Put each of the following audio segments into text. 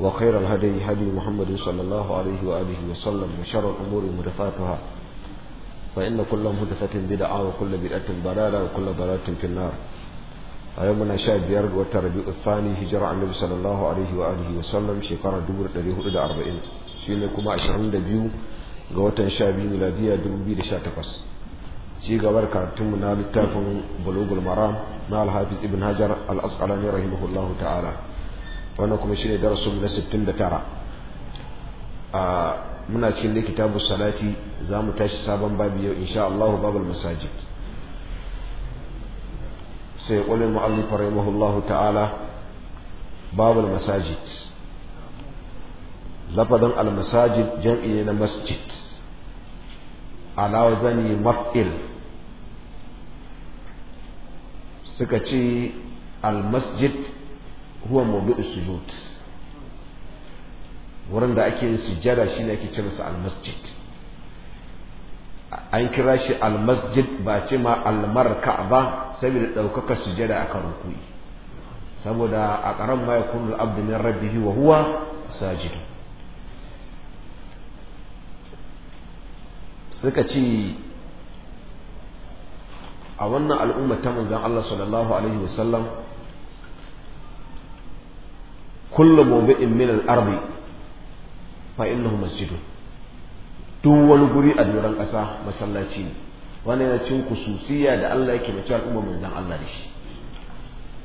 وخير الهدي هدي محمد صلى الله عليه وآله وسلم وشر الأمور محدثاتها فإن كل محدثة بدعة وكل بدعة ضلالة وكل ضلالة في النار أيامنا شاهد بيرد والتربيع الثاني هجرة النبي صلى الله عليه وآله وسلم شكرا دور الذي هو إلى أربعين شينكم عشرين دبيو قوتا شابي ميلادية دبي لشاتقس شي قبر كارتمنا للتافن بلوغ المرام مع الحافظ ابن هجر الأسقلاني رحمه الله تعالى wannan kuma shine darasin na 69 a muna cikin da kitabu salati zamu tashi sabon babu yau insha Allah babul masajid sai qul mu'allif rahimahullahu ta'ala babul masajid lafadin al-masajid jam'i ne na masjid ala zani maf'il suka ce al-masjid huwa mawdu'u sujud wurin da ake yin sujjada shine ake ce masa al-masjid an kira shi al-masjid ba ce ma al-marka ba saboda daukaka sujjada aka rukuyi saboda a karan ma yakunu al-abdu min rabbihi wa huwa sajid suka ce a wannan al'umma ta manzon Allah sallallahu alaihi wasallam كل موضع من al-ardi مسجد duk wani guri a doron ƙasa masallaci ne wani yana cin kususiya da Allah yake mace al'umma zan Allah da shi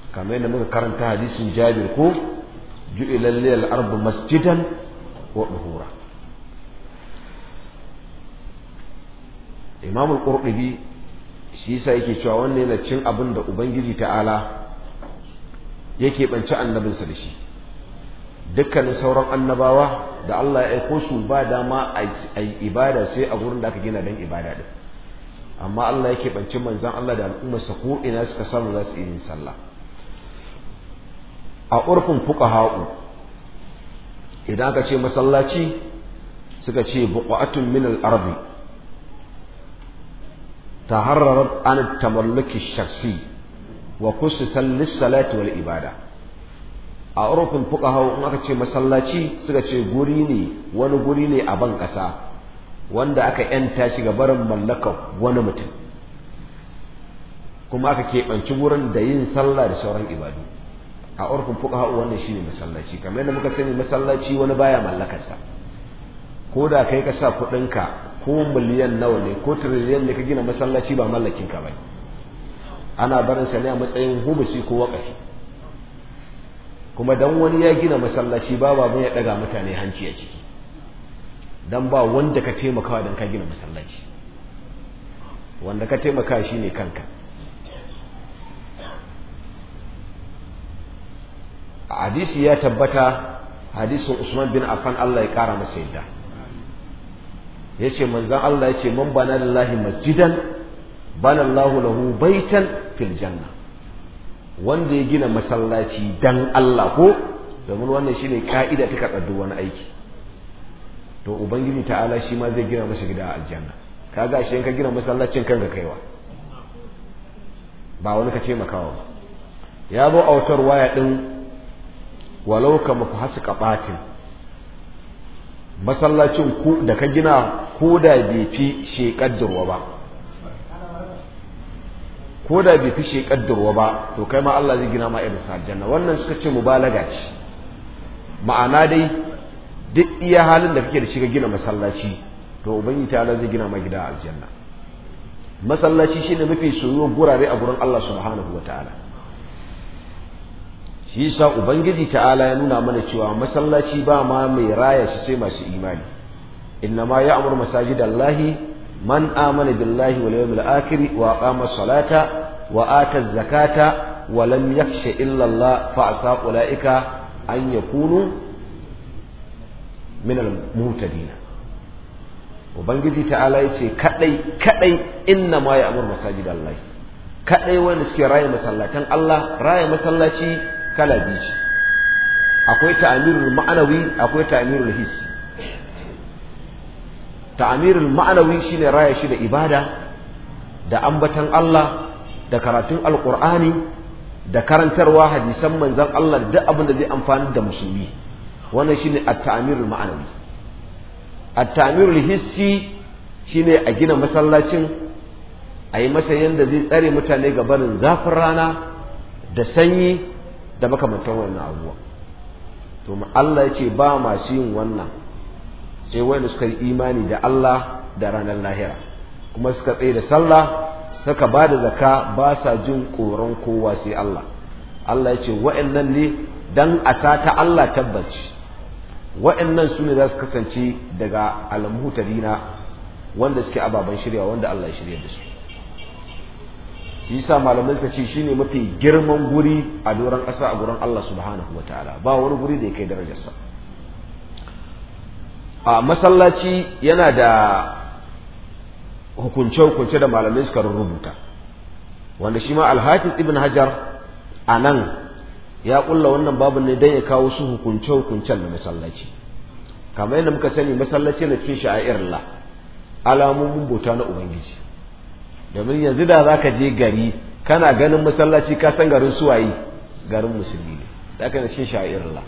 kamar yadda muka karanta hadisin Jabir ko ju'ila lil ardu masjidan wa duhura Imam al-Qurtubi shi yasa yake cewa wannan yana cin abin da Ubangiji ta'ala yake banci annabinsa da shi dukkanin sauran annabawa da Allah ya aiko su ba dama a ibada sai a gurin da aka gina don ibada din amma Allah yake banci manzan Allah da al'ummarsa ko ina suka samu za su yi sallah a urfin haƙu, idan aka ce masallaci suka ce buƙatun min arbi, ta taharrarat an tamallaki shaksi, wa kusa lis salatu wal ibada a urufin hau in aka ce masallaci suka ce guri ne wani guri ne a ban kasa wanda aka yanta shi ga barin mallaka wani mutum kuma aka keɓanci wurin da yin sallah da sauran ibadu a fuka hau wannan ne masallaci kamar yadda muka sani masallaci wani baya mallakarsa ko da kai ka sa kuɗinka ko miliyan nawa ne ko tiriliyan ne ka gina masallaci ba mallakinka ba ana barin sa a matsayin humusi ko wakafi kuma dan wani ya gina masallaci ba babun ya daga mutane hanci a ciki dan ba wanda ka taimakawa dan ka gina masallaci wanda ka taimaka shi ne kanka hadisi ya tabbata hadisin Usman bin Affan Allah ya kara masa yadda Ya yace manzon Allah yace man bana lillahi masjidan bana Allahu lahu baitan fil janna wanda ya gina masallaci dan Allah ko domin wannan shine ka'ida ta kada duk wani aiki to ubangiji ta'ala shi ma zai gina masa gida a aljanna kaga shi in ka gina masallacin kanka kaiwa ba wani ka ce ba ya zo autar waya din walau ka muku hasu kabatin masallacin ku da ka gina ko da bai fi shekar kaddarwa ba ko da bai fi shekaddarwa ba to kai ma Allah zai gina ma irin sa aljanna wannan suka ce mubalaga ce ma'ana dai duk iya halin da kake da shiga gina masallaci to ubangiji ta Allah zai gina ma gida aljanna masallaci shine mafi soyuwar gurare a gurin Allah subhanahu wataala shi yasa ubangiji ta'ala ya nuna mana cewa masallaci ba ma mai raya shi sai masu imani inna ma ya amuru masajidallahi man amana billahi wa yawmil akhir wa aqama salata wa zakata wa lam yakhsha illa Allah fa asa ulaika an yakunu min al muhtadin ubangiji ta'ala ce kadai kadai inna ma ya'mur masajid Allah kadai wanda suke raye masallatan Allah raye masallaci kala biyu akwai ta'mirul ma'anawi akwai ta'mirul hissi ta'amirul ma'anawi shine raya shi da ibada da ambatan Allah da karatun alqur'ani da karantarwa hadisan manzon Allah da duk abin da zai amfani da musulmi wannan shine at-ta'mirul ma'anawi at-ta'mirul hissi shine a gina masallacin a yi masa yadda zai tsare mutane ga barin zafin rana da sanyi da makamantan wannan abubuwa to Allah yace ba masu yin wannan sai wanda suka yi imani da Allah da ranar lahira kuma suka tsaye da sallah suka ba da zaka ba sa jin koron kowa sai Allah Allah ya ce wa'annan ne dan asa ta Allah tabbaci wa'annan su ne za su kasance daga almutadina wanda suke ababen shirya wanda Allah ya shirya da su shi sa malamai suka ce shine mafi girman guri a doron ƙasa a gurin Allah subhanahu wataala ba wani guri da ya kai darajarsa a masallaci yana da hukunce-hukunce da malamai suka rubuta wanda shi ma alhafiz ibn hajar a nan ya kulla wannan babu ne don ya kawo su hukunce-hukuncen na masallaci kamar yadda muka sani masallaci na cin cikin la, alamomin bota na ubangiji domin yanzu da za ka je gari kana ganin masallaci ka san garin suwayi garin musulmi ne da aka cikin la.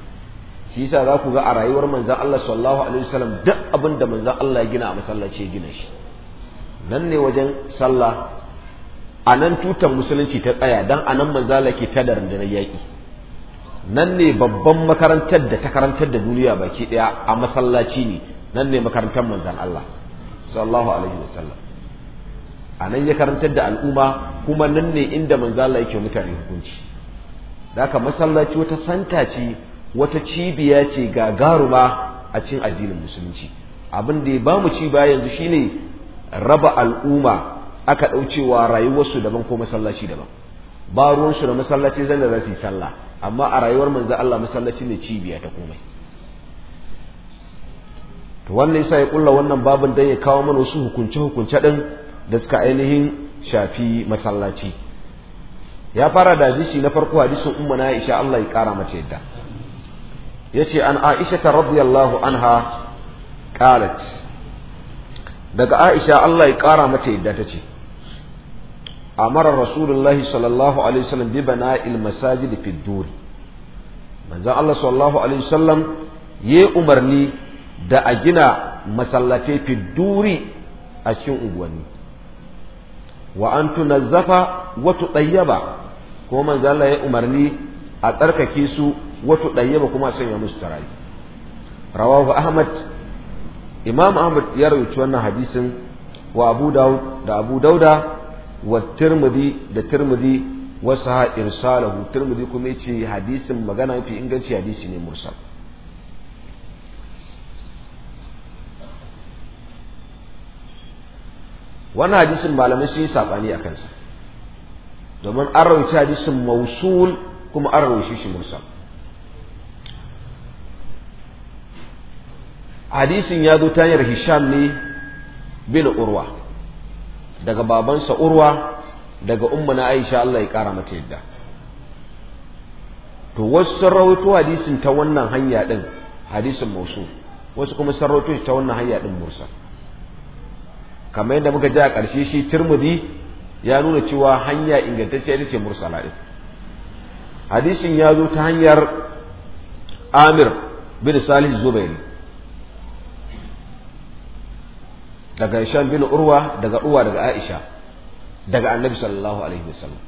shi yasa za ku ga a rayuwar manzan Allah sallallahu alaihi wasallam duk abin da manzan Allah ya gina a masallaci ya gina shi nan ne wajen sallah a nan tutar musulunci ta tsaya dan a nan manzan Allah ke tada rundunar yaƙi nan ne babban makarantar da ta karantar da duniya baki ɗaya a masallaci ne nan ne makarantar manzan Allah sallallahu alaihi wasallam a nan ya karantar da al'umma kuma nan ne inda manzan Allah yake mutane hukunci da haka masallaci wata santa ce wata cibiya ce gagaruma a cin addinin musulunci abin da ya ba mu ci baya yanzu shine raba al'umma aka ɗaucewa rayuwarsu daban ko masallaci daban ba ruwansu da masallaci zan da za sallah amma a rayuwar manzo Allah masallaci ne cibiya ta komai to wannan yasa ya kulla wannan babin dan ya kawo mana wasu hukunce hukunce din da suka ainihin shafi masallaci ya fara da hadisi na farko hadisin umma na Aisha Allah ya kara mata yadda yace an Aisha ta radiyallahu anha qalat daga Aisha Allah ya kara mata yadda tace amara rasulullahi sallallahu alaihi wasallam bi bana'il masajid fi dur manzo Allah sallallahu alaihi wasallam ya umarni da a gina masallatai fi duri a cikin unguwanni wa an tunazzafa wa tudayyaba ko manzo Allah ya umarni a tsarkake su wato ɗayyaba kuma sanya musu rayu. rawahu ahmad imam ahmad ya rawaci wannan hadisin wa abu daud da abu dauda wa tirmidhi da tirmidhi wa saha irsalahu tirmidhi kuma yace hadisin magana mafi inganci hadisi ne mursal wannan hadisin malamai sun yi sabani a kansa domin an rawaci hadisin mausul kuma an rawaci shi mursal hadisin ya zo ta hanyar hisham ne bin urwa daga babansa urwa daga ummuna aisha Allah ya kara mata yadda to wasu sun hadisin ta wannan hanya din hadisin mausu wasu kuma sun ta wannan hanya din mursal kamar yadda muka ji a ƙarshe shi turmudi ya nuna cewa hanya ingantacce ita ce mursala din hadisin ya zo ta hanyar amir bin salih zubairi daga Hisham bin Urwa daga Uwa daga Aisha daga Annabi sallallahu alaihi wasallam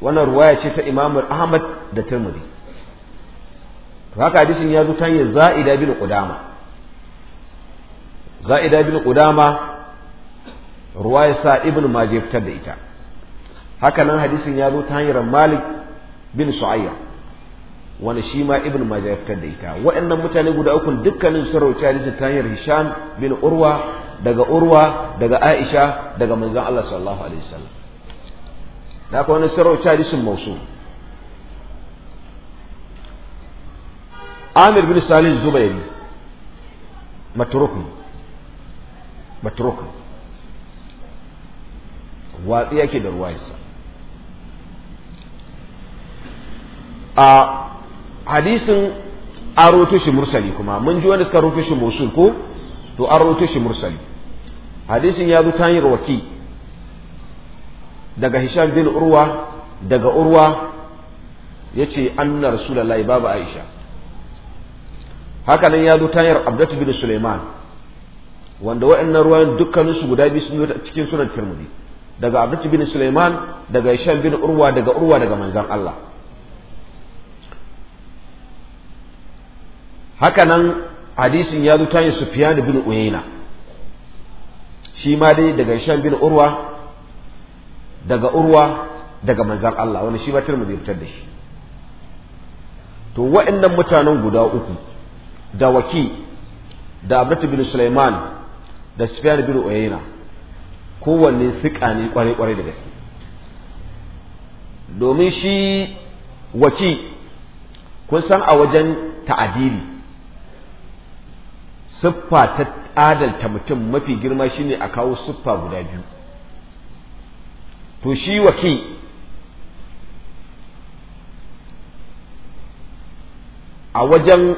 wannan ruwaya ce ta Imam Ahmad da Tirmidhi haka hadisin ya zo ta hanyar Za'ida bin Qudama Za'ida bin Qudama ruwaya sa Ibn Majah fitar da ita haka nan hadisin ya zo ta hanyar Malik bin Su'ayya wani shi ma ibn majah ya fitar da ita waɗannan mutane guda uku dukkanin su rawaita hadisi ta hanyar hisham bin urwa daga urwa daga aisha daga manzon Allah sallallahu alaihi wasallam da aka wani sarauta hadisin mausu amir bin salih zubairi matruk matruk watsi yake da ruwayarsa a hadisin an shi mursali kuma mun ji wanda suka rufe shi musul ko to an shi mursali hadisin ya zo ta hanyar waki daga hisham bin urwa daga urwa ya ce anna rasulallah babu aisha hakanan ya zo ta hanyar abdatu bin suleiman wanda waɗannan ruwan dukkaninsu guda biyu sun zo cikin sunan tirmidhi daga abdatu bin suleiman daga hisham bin urwa daga urwa daga manzan allah hakanan hadisin ya zo su sufyan bin uyayna shi ma dai daga shan bin urwa daga urwa daga manzan Allah wani shi ma tirmidhi fitar da shi to wa'annan mutanen guda uku da waki da abdatu bin sulaiman da sufyan bin uyayna kowanne fiƙa ne kwarai-kwarai da gaske domin shi waki kun san a wajen ta'adili siffa ta adalta mutum mafi girma shine a kawo siffa guda biyu to shi waki a wajen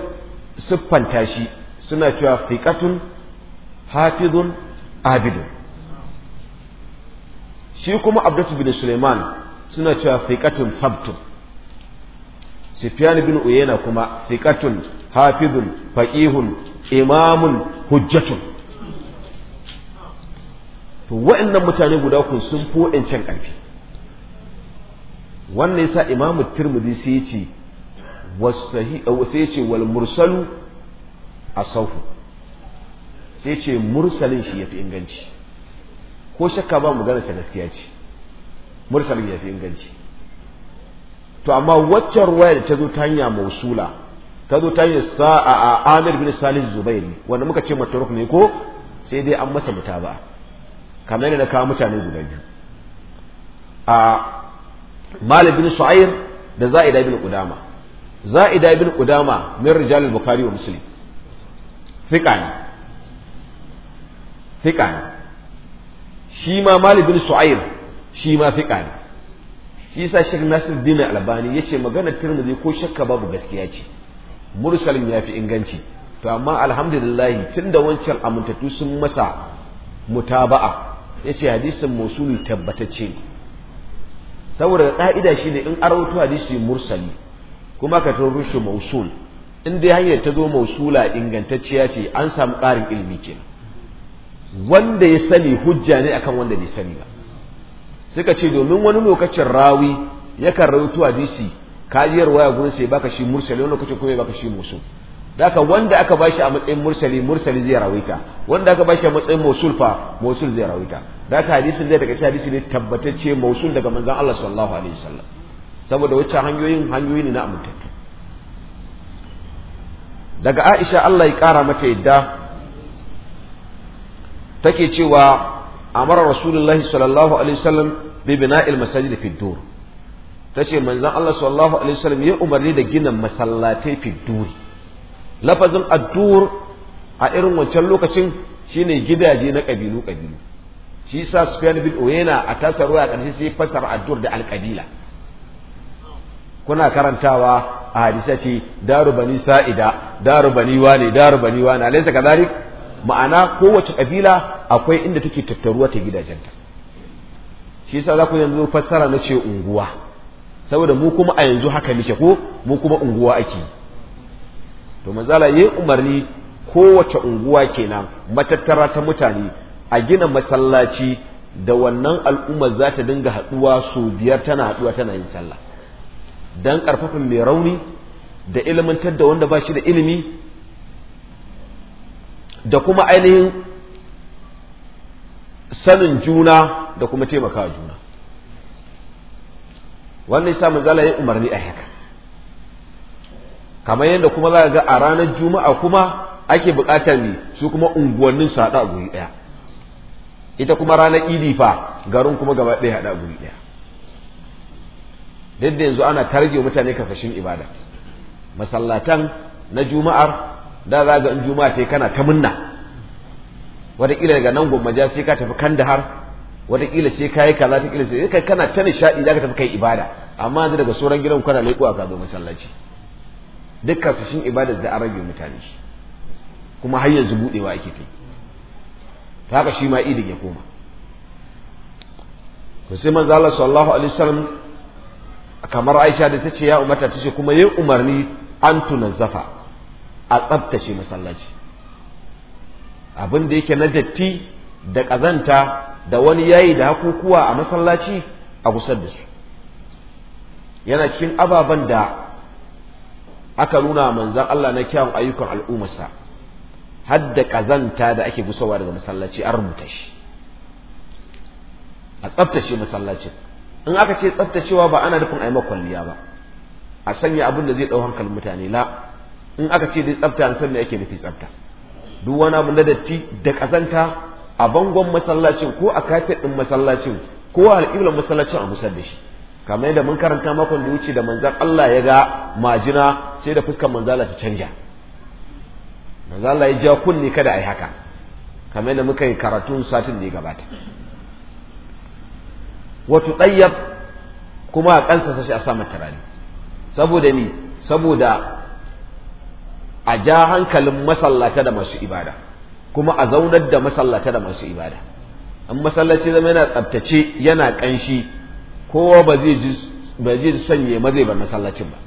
siffanta shi suna cewa fiƙatun hafizun abidun shi kuma abdatu bin suleiman suna cewa fiƙatun fabtun sufyan bin uyena kuma fiƙatun hafizun faƙihun imamun hujjatun to wa'annan mutane guda kun sun can ƙarfi wannan yasa imamu tirmidhi sai ya ce uh, sai ya ce wal mursalu asahu sai ya ce mursalin shi yafi inganci ko shakka ba mu gane ta gaskiya ce mursalin yafi inganci to amma waccan ruwaya da ta zo ta hanya mausula ta zo ta yi sa'a a amir bin salih zubairi wanda muka ce mataruk ne ko sai dai an masa mutaba. ba kamar yadda na kawo mutane guda biyu a malib bin su'air da za'ida bin qudama za'ida bin kudama min rijal bukhari wa muslim fiqa ne fiqa ne shi ma malib bin su'air shi ma fiqa ne shi yasa shek nasir dina albani yace magana tirmidhi ko shakka babu gaskiya ce mursalin ya fi inganci to amma alhamdulillah tun da wancan amintattu sun masa mutaba'a ya ce hadisin musuli tabbatacce saboda ƙa'ida shi ne in arautu hadisi mursali kuma ka tun rushe mausul in dai hanyar ta zo mausula ingantacciya ce an samu ƙarin ilimi ke wanda ya sani hujja ne akan wanda bai sani ba suka ce domin wani lokacin rawi yakan rautu hadisi kajiyar waya gurin sai baka shi mursali wani lokacin kuma baka shi musul daka wanda aka bashi a matsayin mursali mursali zai rawaita wanda aka bashi a matsayin musul fa musul zai rawaita daka hadisin zai daga shi hadisi ne tabbatacce musul daga manzon Allah sallallahu alaihi wasallam saboda wacce hanyoyin hanyoyi ne na amintattu daga Aisha Allah ya kara mata yadda take cewa amara rasulullahi sallallahu alaihi wasallam bi bina'il masajid fi dur Tace ce manzan Allah sallallahu alaihi wasallam ya umarni da gina masallatai fi duri lafazin addur a irin wancan lokacin shine gidaje na kabilu kabilu shi sa Sufyan bin Uyayna a tasarwa a ƙarshe sai fasara addur da alƙabila kuna karantawa a hadisa ce daru bani sa'ida daru bani wane daru bani wane alaysa kadhalik ma'ana kowace kabila akwai inda take tattaruwa ta gidajenta shi yasa za ku yanzu fassara na ce unguwa saboda mu kuma a yanzu haka muke ko mu kuma unguwa ake to manzala yayin umarni kowace unguwa kenan matattara ta mutane a gina masallaci da wannan al'ummar za ta dinga haɗuwa su biyar tana haɗuwa tana yin sallah dan ƙarfafin mai rauni da ilimin da wanda ba shi da ilimi da kuma ainihin sanin juna da kuma taimaka juna wannan yasa manzala ya umarni a haka kamar yadda kuma za ga a ranar juma'a kuma ake buƙatar ne su kuma unguwannin su haɗa a guri ɗaya ita kuma ranar idi fa garin kuma gaba ɗaya haɗa a guri ɗaya duk da yanzu ana targe mutane kafashin ibada masallatan na juma'ar da za ga in juma'a ta kana ta munna wataƙila daga nan gwamma sai ka tafi kandahar wataƙila sai kayi kaza ta kila sai eh, kai kana ta nishaɗi zaka tafi kai ibada amma yanzu daga sauran gidan kana leƙo a kazo masallaci dukkan su shin ibada da an rage mutane kuma har yanzu buɗewa ake kai ta haka shi ma idin ya koma ko sai manzo Allah sallallahu alaihi wasallam kamar Aisha da tace ya ummata tace kuma yin umarni an tunazzafa a tsabtace masallaci abin da yake na datti da ƙazanta da wani yayi da hakukuwa a masallaci a gusar da su yana cikin ababen da aka nuna manzan Allah na kyawun ayyukan al'ummarsa har da kazanta da ake gusawa daga masallaci an rubuta shi a tsaftace masallacin in aka ce tsaftacewa ba ana nufin a yi makwalliya ba a sanya abin da zai ɗau hankalin mutane la in aka ce dai tsafta an san me ake nufi tsafta duk wani abu na datti da kazanta a bangon masallacin ko a kafin ɗin masallacin ko a al'ibla masallacin a musar da shi kamar yadda mun karanta makon da wuce da manzan Allah ya ga majina sai da fuskar manzala ta canja manzala ya ja kunne kada a yi haka kamar yadda muka yi karatun satin da ya gabata wato ɗayyab kuma a kansa sashi a sa tarani saboda ni saboda a ja hankalin masallata da masu ibada kuma a zaunar da masallata da masu ibada An masallaci zama yana tsabtace yana ƙanshi kowa ba zai ji ba zai sanye ma bar masallacin ba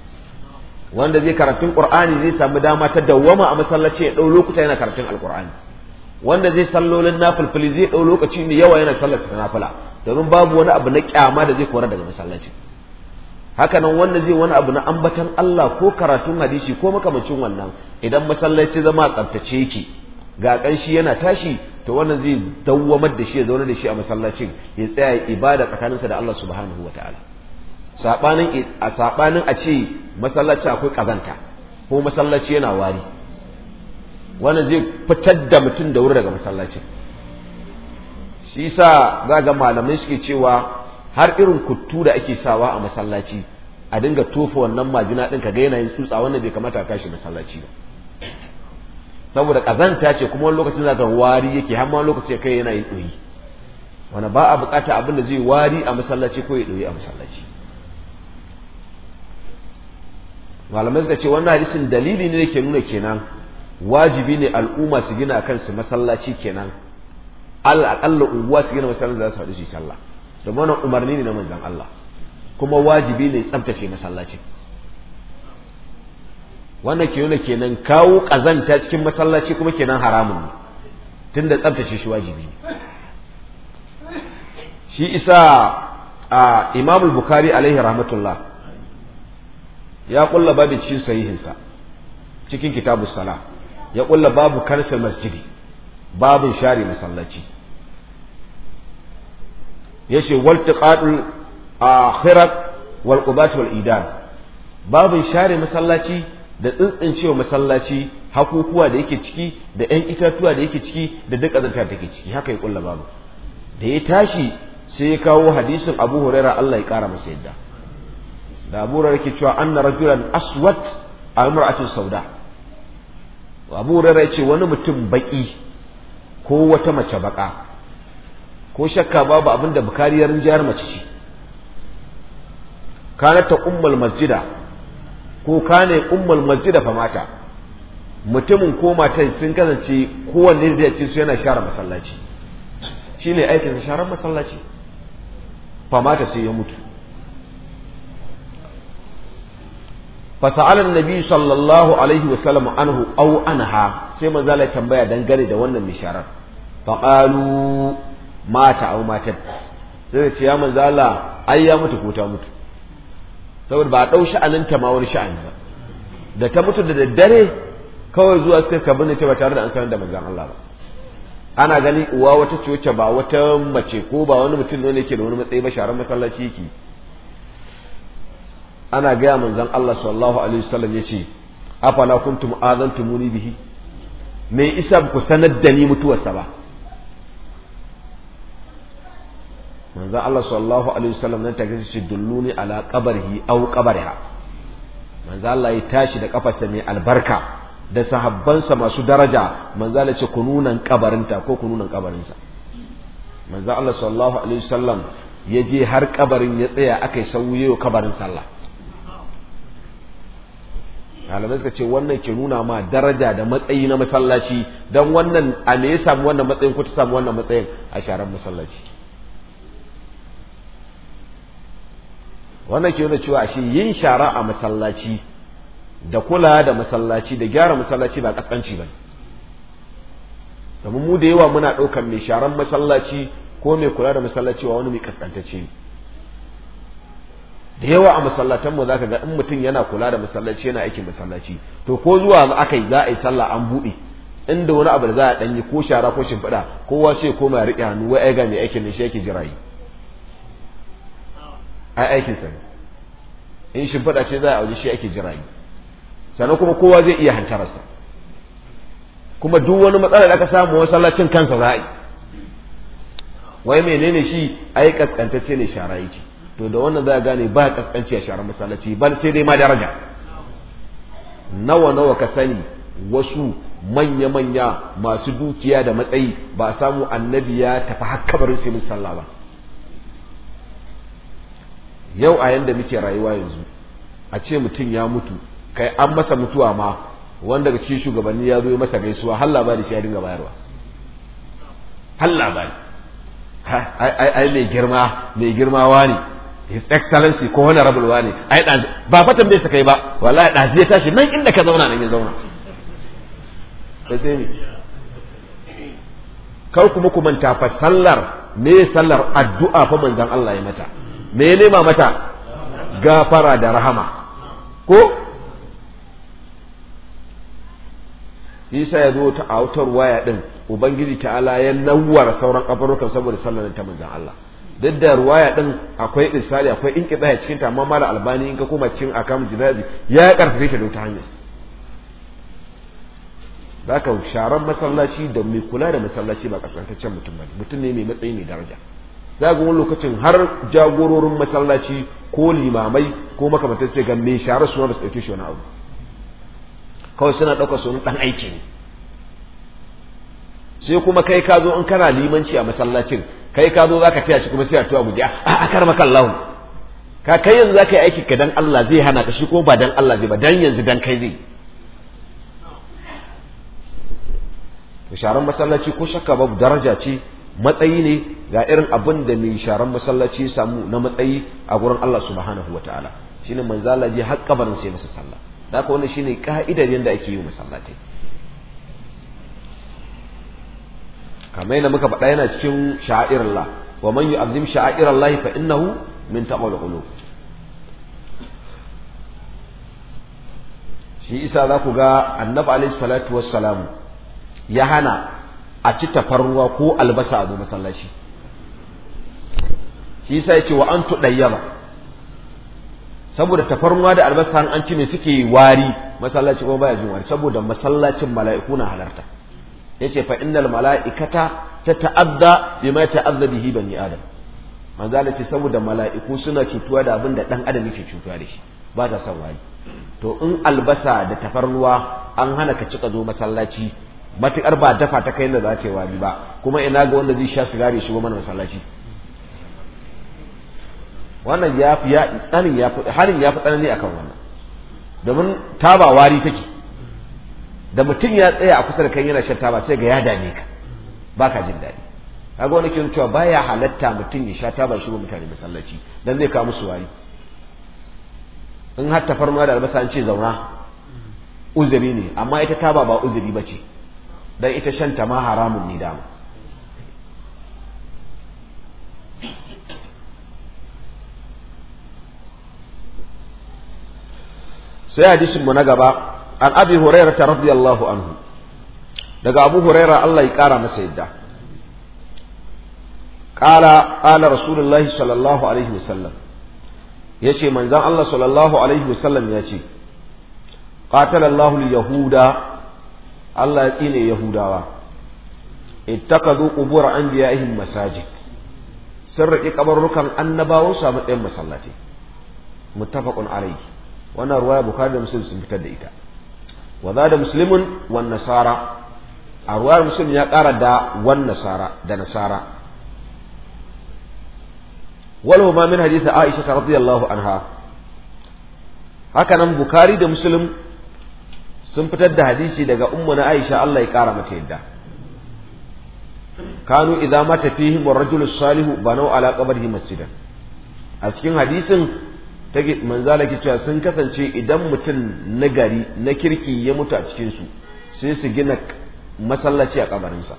wanda zai karatun qur'ani zai samu dama ta dawwama a masallaci ya dau lokuta yana karatun alqur'ani wanda zai sallolin nafilfili zai dau lokaci ne yawa yana sallar ta nafila domin babu wani abu na kyama da zai kora daga masallacin nan wanda zai wani abu na ambatan Allah ko karatun hadisi ko makamancin wannan idan masallaci zama tsabtace yake ga ƙanshi yana tashi to wannan zai dawwamar da shi ya zaune da shi a masallacin ya tsaya ibada tsakaninsa da Allah subhanahu wa ta'ala sabanin a sabanin a ce masallaci akwai kazanta ko masallaci yana wari wannan zai fitar da mutum da wuri daga masallacin shi yasa ga malamai suke cewa har irin kuttu da ake sawa a masallaci a dinga tofa wannan majina din kaga yana yin tsutsa wannan bai kamata a kashi masallaci ba saboda kazanta ce kuma wani lokacin za wari yake har ma lokacin kai yana yi ɗoyi wani ba a bukata abin da zai wari a masallaci ko ya ɗoyi a masallaci malamai suka ce wannan hadisin dalili ne ke nuna kenan wajibi ne al'umma su gina su masallaci kenan al'aƙalla unguwa su gina masallaci za su haɗu su yi sallah domin wannan umarni ne na manzon Allah kuma wajibi ne tsabtace masallacin. wannan ke nuna kenan kawo kazanta cikin masallaci kuma kenan haramun tunda tsabtace shi wajibi shi isa a Imam Bukhari alaihi rahmatullah ya kulla babu cikin sahihinsa cikin Kitabu sala ya kulla babu karsa masjidi babin share masallaci ce waltiqatul akhirat wal qubat wal idan babin share masallaci da tsintsincewa masallaci hakukuwa da yake ciki da ƴan itatuwa da yake ciki da duk azanta yake ciki haka ya kulla babu da ya tashi sai ya kawo hadisin Abu Huraira Allah ya kara masa yadda da Abu Huraira yake cewa anna rajulan aswat a imra'atin sauda Abu Huraira yace wani mutum baki ko wata mace baka ko shakka babu abinda Bukhari ya rinjayar mace ce kanat masjida ko ne, ummul masjida fa mata mutumin ko matan sun kasance kowanne da yake su yana share masallaci shine aikin sharar masallaci fa mata sai ya mutu fasa'alar nabi sallallahu alaihi wasallam anhu au anha sai manzo Allah tambaya dangane da wannan misharar faqalu mata au matat sai ce ya manzo Allah ai ya mutu ko ta mutu saboda ba a ɗau sha'aninta ma wani sha'ani ba da ta mutu da daddare kawai zuwa suka ka binne ta ba tare da an sanar da manzon Allah ba ana gani uwa wata ce ba wata mace ko ba wani mutum ne yake da wani matsayi ba sharar masallaci yake ana gaya manzon Allah sallallahu alaihi wasallam yace afala kuntum azantumuni bihi me isa ku sanar da ni mutuwarsa ba manzo Allah sallallahu alaihi wasallam ne take shi dulluni ala qabrihi aw qabriha manzo Allah ya tashi da kafarsa mai albarka da sahabbansa masu daraja manzo Allah ce kununan kabarinta ko kununan kabarinsa manzo Allah sallallahu alaihi wasallam ya je har kabarin ya tsaya aka yi wa kabarin sallah malamai suka ce wannan ke nuna ma daraja da matsayi na masallaci don wannan a me ya samu wannan matsayin ko ta samu wannan matsayin a sharar masallaci wannan ke nuna cewa shi yin shara a masallaci da kula da masallaci da gyara masallaci ba kaskanci ba domin mu da yawa muna ɗaukar mai sharan masallaci ko mai kula da masallaci wa wani mai kaskantacce da yawa a masallatanmu za ka ga in mutum yana kula da masallaci yana aikin masallaci to ko zuwa aka yi za a yi sallah an buɗe inda wani abu da za a ɗanyi ko shara ko shimfiɗa kowa sai koma ya riƙe hannu wai ga mai aikin ne shi yake jira yi ai aikinsa ne in shimfiɗa ce za a auji shi ake jira sannan kuma kowa zai iya hantararsa kuma duk wani matsala da aka samu masallacin kansa za a yi wai menene shi ai kaskantacce ne shara yake to da wannan za a gane ba kaskanci a sharar masallaci ba sai dai ma daraja nawa nawa ka sani wasu manya-manya masu dukiya da matsayi ba samu annabi ya tafi hakkabarin sai musalla sallah ba yau a yanda muke rayuwa yanzu a ce mutum ya mutu kai an masa mutuwa ma wanda daga cikin shugabanni ya zo masa gaisuwa har labari shi ya dinga bayarwa har labari ai mai girma mai girma wani his excellency ko honorable wani ai dan ba fatan bai sakai ba wallahi dazi ya tashi nan inda ka zauna nan ya zauna sai ni kar kuma ku manta fa sallar me sallar addu'a fa manzon Allah ya mata me ya nema mata gafara da rahama ko isa ya zo ta autar waya din ubangiji ta'ala ya nawar sauran kafarukan saboda sallar ta manzan Allah duk da ruwaya din akwai isali akwai in kidaya cikin ta amma mara albani in ka koma cikin akam jinabi ya karfafe ta ta hanyar zaka sharan masallaci da mai kula da masallaci ba kasantaccen mutum ba mutum ne mai matsayi mai daraja za ga wani lokacin har jagororin masallaci ko limamai ko makamantar sai ga mai share suna da su ɗauke shi wani abu kawai suna ɗauka su ɗan aiki ne sai kuma kai ka zo in kana limanci a masallacin kai ka zo za ka taya shi kuma sai a tuwa guji a ah, ah, kar makallahu ka kai yanzu za ka yi aiki ka dan Allah zai hana ka shi kuma ba dan Allah zai ba dan yanzu dan kai zai sharan masallaci ko shakka babu daraja ce matsayi ne ga irin abin da mai sharan masallaci samu na matsayi a gurin Allah subhanahu ta'ala shine ne Allah ji har kabarin sai masa sallah da haka shi ne ka'idar yadda ake yi masallatai kamar yadda muka faɗa yana cikin la wa man yu'azzim sha'irallah fa innahu min taqwal qulub shi isa za ku ga annabi alaihi salatu wassalam ya hana a ci tafarruwa ko albasa a zo masallaci shi yasa yace wa antu dayyaba saboda tafarnuwa da albasa an ci ne suke wari masallaci kuma baya jin wari saboda masallacin mala'iku na halarta yace fa innal mala'ikata tata'adda bima ta'adda bihi bani adam manzo ce saboda mala'iku suna cutuwa da abin da dan adam yake cutuwa da shi ba sa san wari to in albasa da tafarnuwa an hana ka cika zo masallaci matuƙar ba dafa ta kai da za ta yi wari ba kuma ina ga wanda zai sha sigari shigo mana masallaci wannan ya fi ya tsanin ya fi harin ya fi tsanani akan wannan domin taba wari take da mutum ya tsaya a kusa da kan yana shan taba sai ga ya dame ka ba ka jin daɗi kaga wani kin cewa baya halatta mutum ya sha taba shigo mutane masallaci dan zai kawo musu wari in har tafarnuwa da albasa an ce zauna uzuri ne amma ita taba ba uzuri ba ce dan ita shanta ma haramun ne dama sai hadisin mu na gaba an abi hurairah radiyallahu anhu daga abu hurairah Allah ya kara masa yadda qala qala rasulullahi sallallahu alaihi wasallam yace manzon Allah sallallahu alaihi wasallam yace qatala Allahu al-yahuda Allah ya tsine Yahudawa ittakazu qubur anbiya'ihim masajid sun riƙi kabarrukan annabawan su a matsayin masallaci muttafaqun alayhi wannan ruwaya bukari da muslim sun fitar da ita wa da muslimun wan nasara a ruwayar muslim ya ƙara da wan nasara da nasara wal ma min hadith aisha radiyallahu anha haka nan bukari da muslim sun fitar da hadisi daga ummu na Aisha Allah ya kara mata yadda kanu idza mata fihi rajulu salihu banu ala qabrihi masjidan a cikin hadisin take manzala ke cewa sun kasance idan mutum na gari na kirki ya mutu a cikin su sai su gina masallaci a kabarinsa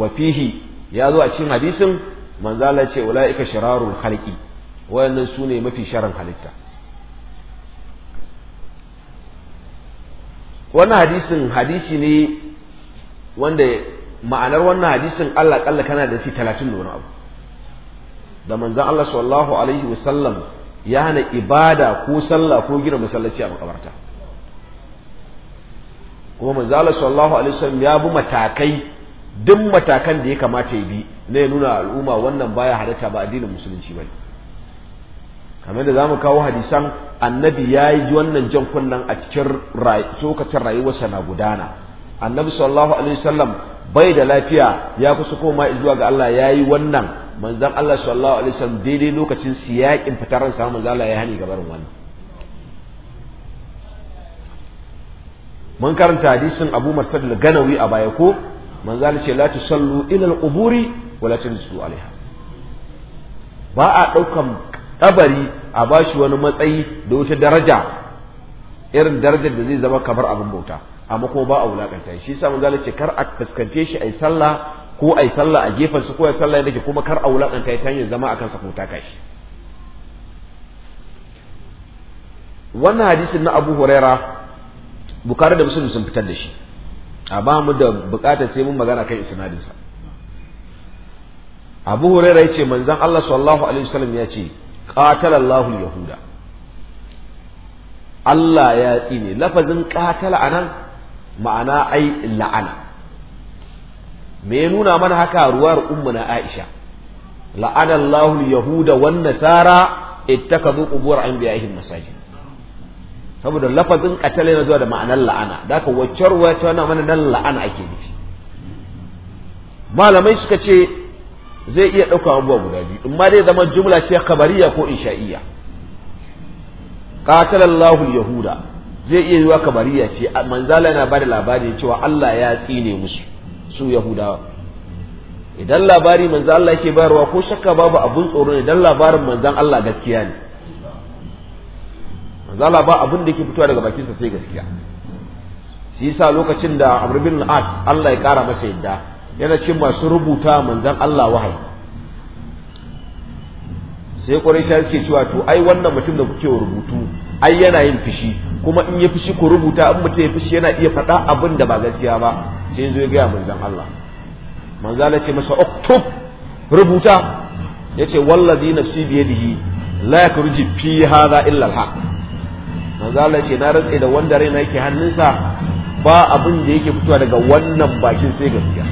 wa fihi ya zo a cikin hadisin manzala ce ulaika shirarul khalqi wayannan sune mafi sharan halitta wannan hadisin hadisi ne wanda ma'anar wannan hadisin Allah kalla kana da shi 30 da wani abu da manzon Allah sallallahu alaihi wasallam ya hana ibada ko sallah ko gina masallaci a makabarta kuma manzon Allah sallallahu alaihi wasallam ya bi matakai duk matakan da ya kamata ya bi ne nuna al'umma wannan baya halatta ba addinin musulunci bane kamar da zamu kawo hadisan annabi ya yi wannan jan kunnen a cikin tsokacin rayuwarsa na gudana annabi sallallahu alaihi wasallam bai da lafiya ya kusa koma zuwa ga Allah ya yi wannan manzan Allah sallallahu alaihi wasallam daidai lokacin siyakin fitaran sa manzan Allah ya hani ga barin wani. mun karanta hadisin Abu Mas'ud al-Ganawi a baya ko manzan ce la tusallu ila al-quburi wa la tajlisu alaiha ba a daukan kabari a bashi wani matsayi da wata daraja irin darajar da zai zama kamar abin bauta amma kuma ba a wulakanta shi yasa manzo ce kar a fuskance shi ai sallah ko ai sallah a gefen su ko ai sallah yake kuma kar a wulakanta ta hanyar zama akan sa ko ta kashi wannan hadisin na Abu Huraira Bukhari da Muslim sun fitar da shi a ba mu da bukatar sai mun magana kan isnadin sa Abu Huraira yace manzon Allah sallallahu alaihi wasallam ya ce qatala yahuda Allah ya tsine lafazin qatala anan ma'ana ai la'ana me ya nuna mana haka ruwar ummu na Aisha la'ana Allahu yahuda wan nasara ittakhadhu qubur anbiya'ihim masajid saboda lafazin qatala yana zuwa da ma'anar la'ana da wacce ruwa ta nan la'ana ake nufi malamai suka ce zai iya ɗaukar abubuwa guda biyu in ma dai zama jumla ce kabariya ko insha'iyya qatalallahu yahuda zai iya yiwa kabariya ce manzala yana bada labari cewa Allah ya tsine musu su yahudawa idan labari manzan Allah yake bayarwa ko shakka babu abun tsoro ne dan labarin manzan Allah gaskiya ne manzan Allah ba abun da yake fitowa daga bakinsa sai gaskiya shi yasa lokacin da Amr bin As Allah ya kara masa yadda yana ce masu rubuta manzan Allah wahayi sai Quraisha suke cewa to ai wannan mutum da kuke rubutu ai yana yin fishi kuma in ya fishi ku rubuta in mutum ya fishi yana iya faɗa abin da ba gaskiya ba sai zo ya gaya manzan Allah manzan Allah ce masa Oktob rubuta yace wallazi nafsi biyadihi la yakruji fi hadha illa al-haq Allah ce na rantsa da wanda raina yake hannunsa ba abin da yake fitowa daga wannan bakin sai gaskiya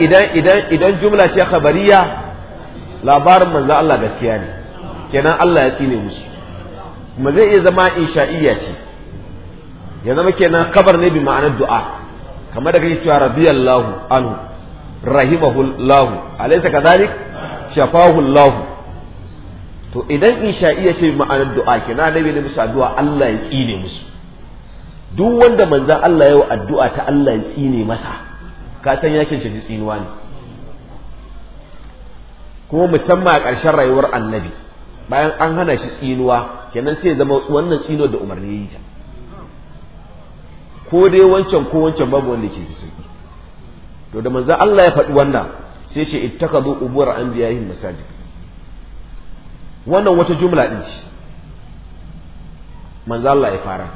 idan idan idan jumla ce khabariya labarin manzo Allah gaskiya ne kenan Allah ya tsine musu kuma zai iya zama insha'iyya ce ya zama kenan kabar ne bi ma'anar du'a kamar da kake cewa radiyallahu anhu rahimahullahu alaysa kadhalik shafahullahu to idan insha'iyya ce bi ma'anar du'a kenan nabi ne musu addu'a Allah ya tsine musu duk wanda manzon Allah ya yi addu'a ta Allah ya tsine masa ka san ya cancanci tsinuwa ne kuma musamman a ƙarshen rayuwar annabi bayan an hana shi tsinuwa kenan sai zama wannan tsinuwar da umarni ya yi ta ko dai wancan ko wancan babu wanda ke ji sauki to da manzan Allah ya faɗi wannan sai ce ittakazu ubur anbiya'ihim masajid wannan wata jumla din ce manzan Allah ya fara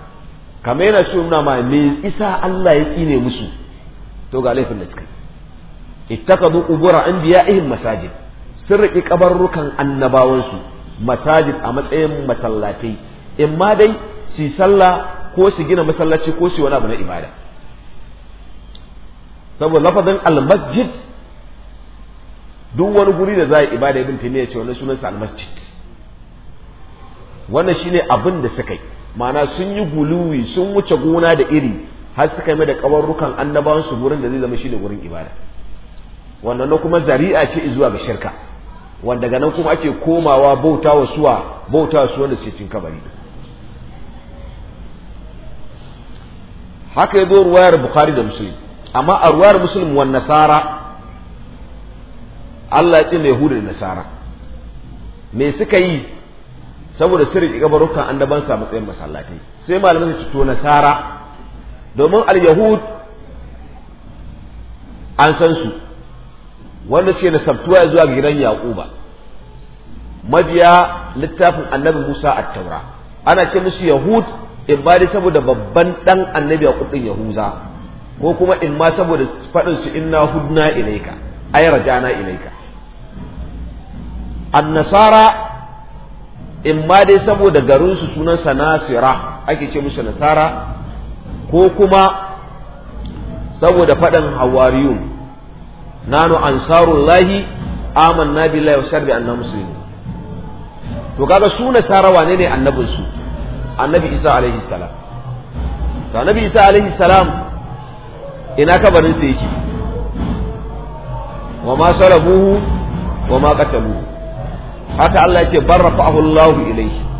kamar yana shi nuna ma me isa Allah ya tsine musu to ga laifin da suka yi ittakadu qubura anbiya'ihim masajid sun riki kabarrukan annabawansu masajid a matsayin masallatai in ma dai su sallah ko su gina masallaci ko su wani abu na ibada saboda lafazin almasjid duk wani guri da za a yi ibada ibn ya ce wannan sunansa almasjid wannan shine abin da suka yi ma'ana sun yi guluwi sun wuce gona da iri har suka yi mai da kawarrukan annabawan su da zai zama shi ne wurin ibada wannan na kuma zari'a ce zuwa ga shirka wanda daga kuma ake komawa bauta wa suwa bauta wa suwa da cin kabari haka yazo ruwayar bukhari da muslim amma a ruwayar muslim wa nasara Allah ya ce mai hudu da nasara me suka yi saboda sirri kabarukan annaban sa matsayin masallatai sai malamin su to nasara domin al-yahud an san su wanda suke da sabtuwa zuwa gidan yaquba mabiya littafin annabi musa at-taura ana ce musu yahud in ba dai saboda babban dan annabi yaqub din yahuza ko kuma in ma saboda faɗin su inna hudna ilaika ay rajana ilaika annasara in ma dai saboda garin su sunan sanasira ake ce musu nasara ko kuma saboda faɗan hawariyun nanu ansarullahi amanna billahi wa sharri anna muslimin to kaga su nasara ne ne annabin su annabi isa alaihi salam to annabi isa alaihi salam ina kabarin sa yake wa ma salabuhu wa ma qataluhu haka Allah ya ce barrafa'ahu Allahu ilaihi.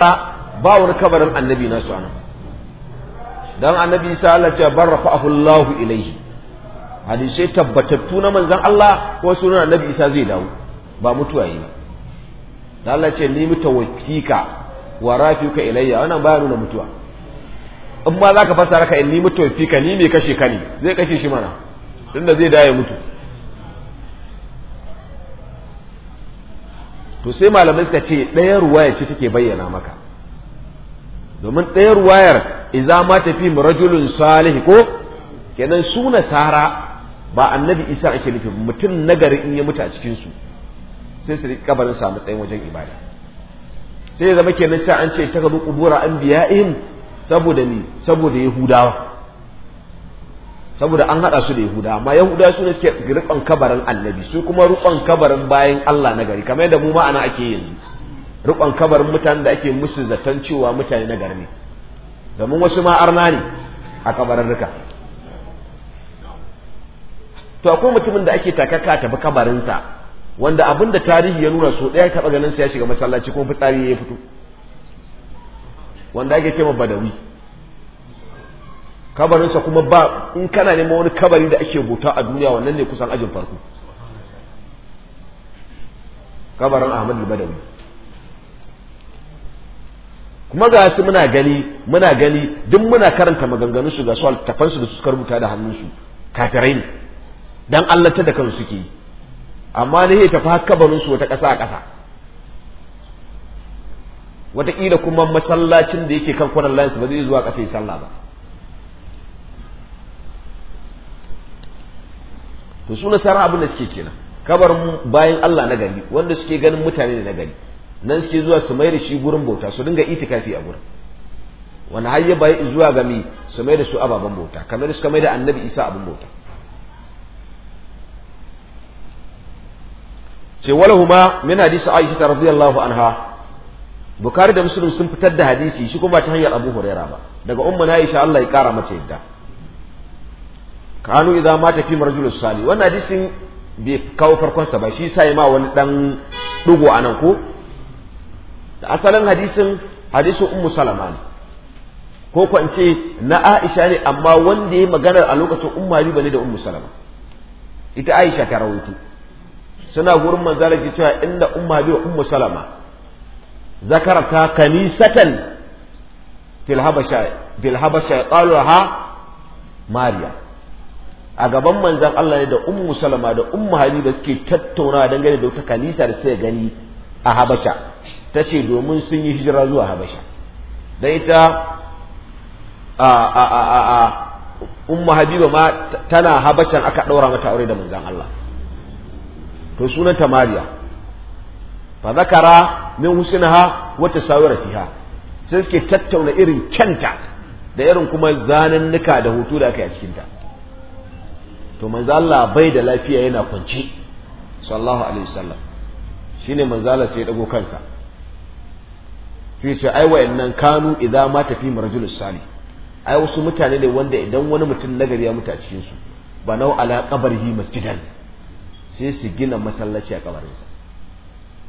ba wani kabarin annabi nasu anan dan annabi isa Allah ce bar rafa'ahu Allah ilaihi hadisai tabbatattu na manzon Allah ko sunan annabi isa zai dawo ba mutuwa yi ba Da Allah ce ni mutawakkika wa rafiuka ilayya wannan baya nuna mutuwa in ma zaka fasa ka in ni mutawaffika ni me kashe ka ne zai kashe shi mana tunda zai dawo mutu to sai malamai suka ce ɗaya ruwaya ce take bayyana maka domin ɗaya ruwayar iza ma tafi rajulun Salihu ko kenan suna nasara ba annabi isa ake nufi mutum nagari in ya mutu a cikin su sai su rika barin samu tsayin wajen ibada sai ya zama kenan cewa an ce ta gabu kubura anbiya'ihim saboda ni saboda yahudawa saboda an haɗa su da yahuda amma yahuda su ne suke rikon kabarin annabi su kuma rikon kabarin bayan Allah na gari kamar yadda mu ma ana ake yanzu rikon kabarin mutanen da ake musu zaton cewa mutane na gari ne domin wasu ma arna ne a kabarin rika to akwai mutumin da ake takaka tafi kabarinsa wanda abin da tarihi ya nuna so ɗaya taɓa ganin sa ya shiga masallaci kuma fitsari ya fito wanda ake ce ma badawi kabarinsa kuma ba in kana neman wani kabari da ake bota a duniya wannan ne kusan ajin farko kabarin ahmad badawi kuma ga su muna gani muna gani duk muna karanta maganganun su ga su da su da suka rubuta da hannun su kafirai ne dan da kansu suke amma ne ya tafi kabarin su wata ƙasa a ƙasa wataƙila kuma masallacin da yake kan kwanan layansu ba zai zuwa ƙasa yi sallah ba to su nasara abin da suke kenan kabar bayan Allah na gari wanda suke ganin mutane na gari nan suke zuwa su mai da shi gurin bauta su dinga itikafi a gurin wani har ya zuwa ga mi su mai da su ababen bauta kamar suka mai da annabi isa abin bauta ce walahuma min hadisi aisha ta radiyallahu anha bukari da muslim sun fitar da hadisi shi kuma ta hanyar abu huraira ba daga ummu aisha Allah ya kara mata yadda kanu idza mata fi marjul sali wannan hadisin bai kawo farkon sa ba shi sai ma wani dan dugo anan ko da asalin hadisin hadisin ummu salama ne ko ko in ce na Aisha ne amma wanda ya magana a lokacin umma riba ne da ummu salama ita Aisha ta rawaito suna gurin manzala ke cewa inda umma bi wa ummu salama zakarta kanisatan fil habasha fil habasha qalu ha mariya a gaban manzan Allah ne da ummu salama da ummu habiba suke tattauna dangane da wata kanisa da suka gani a habasha ta ce domin sun yi hijira zuwa habasha da ita a a a a a ummu habiba ma tana habashan aka ɗaura mata aure da manzan Allah to sunanta mariya fa zakara wata husnaha wa tasawiratiha sai suke tattauna irin kyanta da irin kuma zanannuka da hutu da aka yi a cikinta to manzo Allah bai da lafiya yana kwance sallallahu alaihi wasallam shine manzo Allah sai ya dago kansa sai ce ai wayannan kanu idza ma tafi marjul sali ai wasu mutane ne wanda idan wani mutum nagari ya muta cikin su ba nau ala qabrihi masjidan sai su gina masallaci a kabarinsa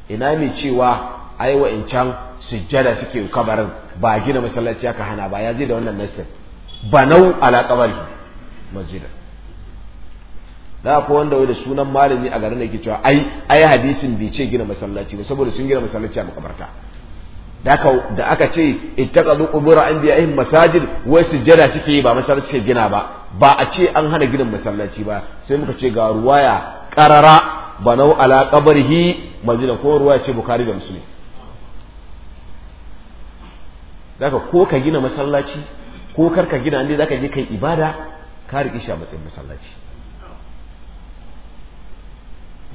ina mai cewa ai wayancan sujjada suke kabarin ba gina masallaci aka hana ba ya je da wannan nassin banau ala qabrihi masjidan da ko wanda wai da sunan malami a garin yake cewa ai ai hadisin bai ce gina masallaci ba saboda sun gina masallaci a makabarta da aka ce ittaqadu qubur in masajid wai sujjada suke ba masallaci suke gina ba ba a ce an hana gina masallaci ba sai muka ce ga ruwaya qarara banau ala qabrihi manzila ko ruwaya ce bukhari da muslim daga ko ka gina masallaci ko karka gina gina inda zaka je kai ibada ka riƙe shi a matsayin masallaci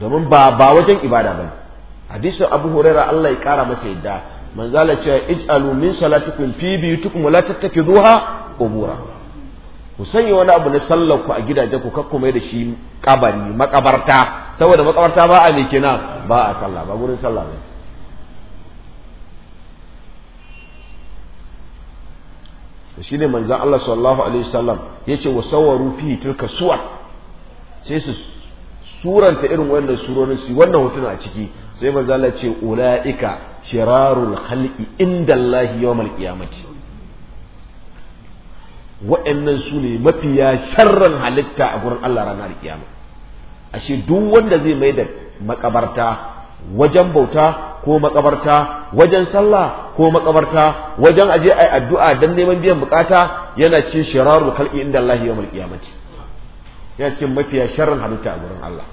domin ba ba wajen ibada bane hadisin Abu Hurairah Allah ya kara masa yadda manzala cewa ij'alu min salatikum fi biyutikum la tattakizuha qubura ku sanya wani abu na sallar ku a gidaje ku kakku mai da shi kabari makabarta saboda makabarta ba a ne na ba a sallah ba gurin sallah ba to shine manzon Allah sallallahu alaihi wasallam yace wa sawaru fi tilka suwar sai su suranta irin wannan surorin su wannan hotuna a ciki sai manzo Allah ce ulaika shirarul khalqi Allah yawmal qiyamati wa'annan su ne mafiya sharran halitta a gurin Allah ranar kiyama ashe duk wanda zai mai da makabarta wajen bauta ko makabarta wajen sallah ko makabarta wajen aje ai addu'a dan neman biyan bukata yana ce shirarul khalqi Allah yawmal qiyamati ya cikin mafiya sharrin halitta a gurin Allah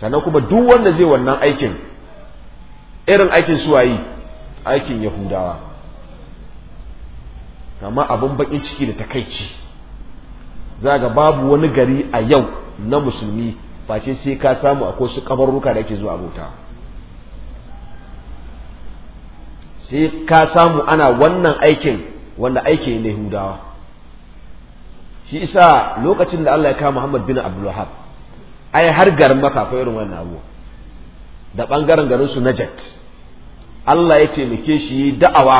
sannan kuma duk wanda zai wannan aikin irin aikin suwayi aikin yahudawa amma abin bakin ciki da takaici za ga babu wani gari a yau na musulmi face sai ka samu a su kabarruka da ake zuwa bauta sai ka samu ana wannan aikin wanda aiki ne na yahudawa shi isa lokacin da Allah ya kama Muhammad bin Abdul Wahab ai har garin Makka akwai irin wannan abu da bangaren garin su Najat Allah ya taimake shi da'awa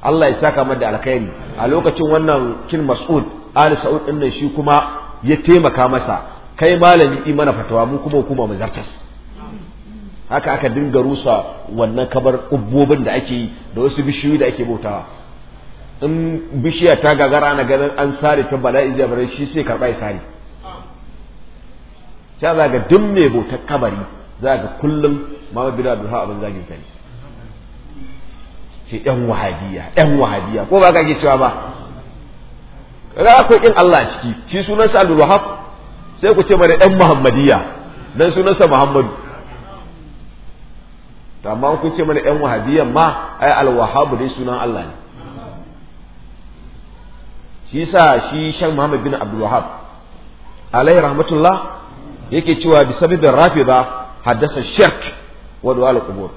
Allah ya saka mata da alkhairi a lokacin wannan kin Mas'ud Ali Sa'ud din shi kuma ya taimaka masa kai malami i mana fatawa mu kuma kuma mu zartas haka aka dinga rusa wannan kabar ubbobin da ake yi da wasu bishiyoyi da ake bautawa in bishiya ta gagara na ganin an sare ta bala'i zai bare shi sai karɓa ya sare ta za ga duk mai bautar kabari za ga kullum mama bira duha abin zagin sani sai ɗan wahabiya ɗan wahabiya ko ba ka ke cewa ba kaga akwai kin Allah ciki shi sunansa Abdul Wahab sai ku ce mana ɗan Muhammadiyya dan sunansa Muhammadu to amma ku ce mana ɗan Wahabiyya ma ai Al alwahabu dai sunan Allah ne shi sa shi shan Muhammad bin Abdulwahab Wahhab alaihi rahmatullah yake cewa bi sababin rafida haddasa shirk wa du'al qubur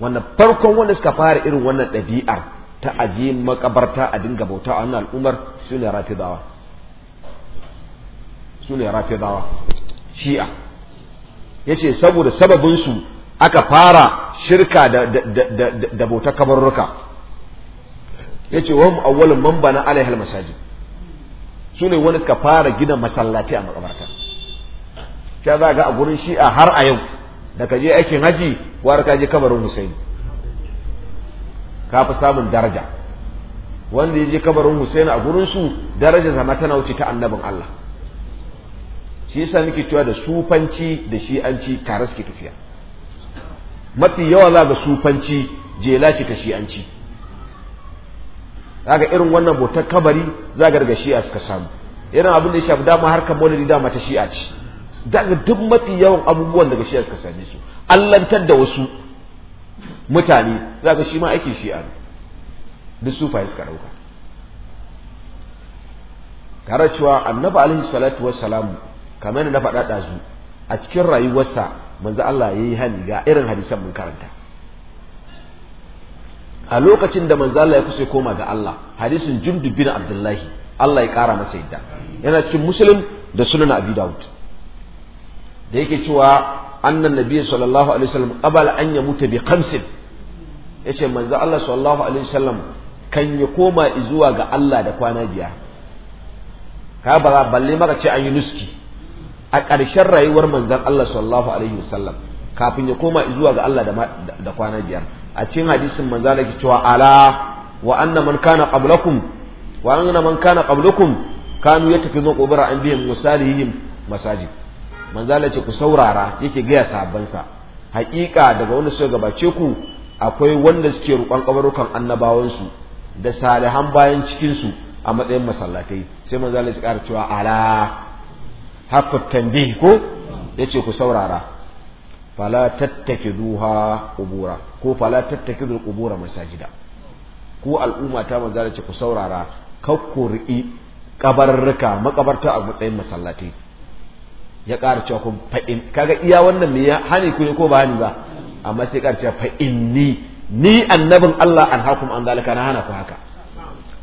wannan farkon wanda suka fara irin wannan ɗabi'ar ta ajiye makabarta a dinga bauta a wannan al'ummar sune rafidawa sune rafidawa shi'a yace saboda sababin su aka fara shirka da da da, bautar kabarruka ya yace wa mamba man bana masajin su ne wani suka fara gina masallaci a makabarta ta za ga a gurin shi'a har a yau da ka je aikin haji war ka je kabarin Husaini ka fi samun daraja wanda ya je kabarin Husaini a gurin su daraja zama tana wuce ta annabin Allah shi yasa muke cewa da sufanci da shi'anci tare suke tafiya mafi yawa za ga sufanci jela ce ta shi'anci zaga irin wannan bautar kabari zaga daga shi'a suka samu irin abin da ya shafi dama harkar maulidi dama ta shi'a ce daga duk mafi yawan abubuwan daga shi'a suka same su allantar da wasu mutane zaga shi ma aikin shi'a ne duk sufaye suka dauka tare cewa annabi alaihi salatu wassalam kamar na faɗa ɗazu a cikin rayuwarsa manzo Allah ya yi hani ga irin hadisan mun karanta a lokacin da manzo Allah ya kusa koma ga Allah hadisin Jundub bin Abdullahi Allah ya kara masa yadda yana cikin Muslim da Sunan Abi Dawud da yake cewa annan nabi sallallahu alaihi wasallam qabala an yamuta bi khamsin yace manzo Allah sallallahu alaihi wasallam kan ya koma zuwa ga Allah da kwana biya ka ba balle maka ce an yi nuski a ƙarshen rayuwar manzon Allah sallallahu alaihi wasallam kafin ya koma zuwa ga Allah da kwana biyar a cikin hadisin manzo Allah ke cewa ala wa anna man kana qablakum wa anna man kana qablakum kanu yattakhidhu qubura anbiya musalihim masajid manzo Allah ce ku saurara yake gaya sahabban sa haƙiƙa daga wanda suka gabace ku akwai wanda suke rukan kabarukan su da salihan bayan cikinsu a matsayin masallatai sai manzo Allah ya ƙara cewa ala haka tambihi ko yace ku saurara fala tattakiduha qubura ko fala zul masa masajida ko al'umma ta da ce ku saurara kakkuri kabarruka makabarta a matsayin masallatai ya ƙara cewa ku fa'in kaga iya wannan me ya hani ku ne ko ba hani ba amma sai ƙara cewa fa'in ni ni annabin Allah an hakum an zalika na hana ku haka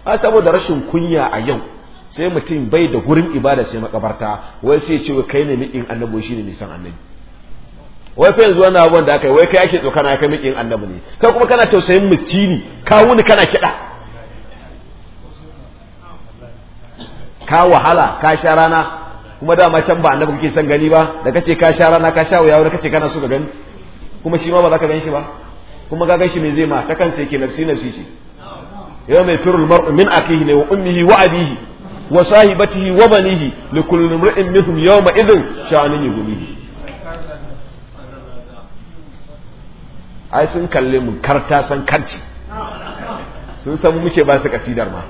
a saboda rashin kunya a yau sai mutum bai da gurin ibada sai makabarta wai sai ce kai ne mikin annabi shine nisan annabi wai fa yanzu wannan abun da aka yi wai kai ake tsokana kai mikin annabi ne kai kuma kana tausayin miskini ka wuni kana kiɗa ka wahala ka sha rana kuma dama can ba annabi kake son gani ba da kace ka sha rana ka sha wuya wani kace kana so ka gani kuma shi ma ba za ka ganshi shi ba kuma ka ganshi shi me zai ma ta kance yake nafsi nafsi shi yau mai firul mar'u min akihi ne wa ummihi wa abihi wa sahibatihi wa banihi likulli kulli minhum yawma idhin sha'anihi gumihi ai sun kalle mu karta san karci sun san muke ba su kasidar ma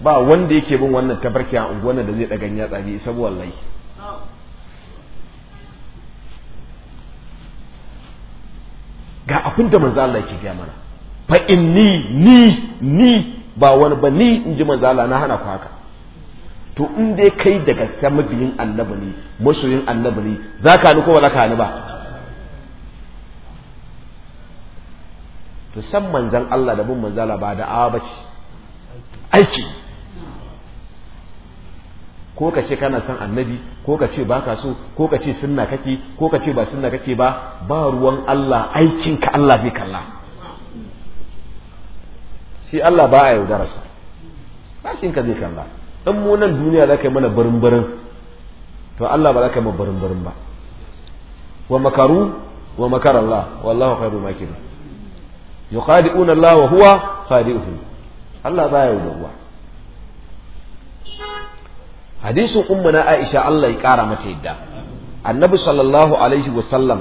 ba wanda yake bin wannan tabarki a unguwannan da zai dagan ya tsabi isa wallahi ga abin da manzo Allah yake gaya mana fa inni ni ni ba wani ba ni in ji manzo Allah na hana ku haka to in dai kai da gaske mabiyin annabi ne masoyin annabi ne za ka ni ko ba za ka ni ba to san manzan Allah da bin manzala ba da awa bace, aiki ko ka ce kana son annabi ko ka ce baka so ko ka ce sunna kake ko ka ce ba sunna kake ba ba ruwan Allah aikinka Allah zai kalla shi Allah ba a yaudararsa aikinka zai kalla in mu nan duniya za ka yi mana barin barin to Allah ba za ka yi mana barin barin ba wa makaru wa makar Allah wallahu khairu makiru yuqadi'una Allah wa huwa khadi'uhu Allah ya yi yaudawa hadisin ummuna Aisha Allah ya kara mata yadda annabi sallallahu alaihi wa sallam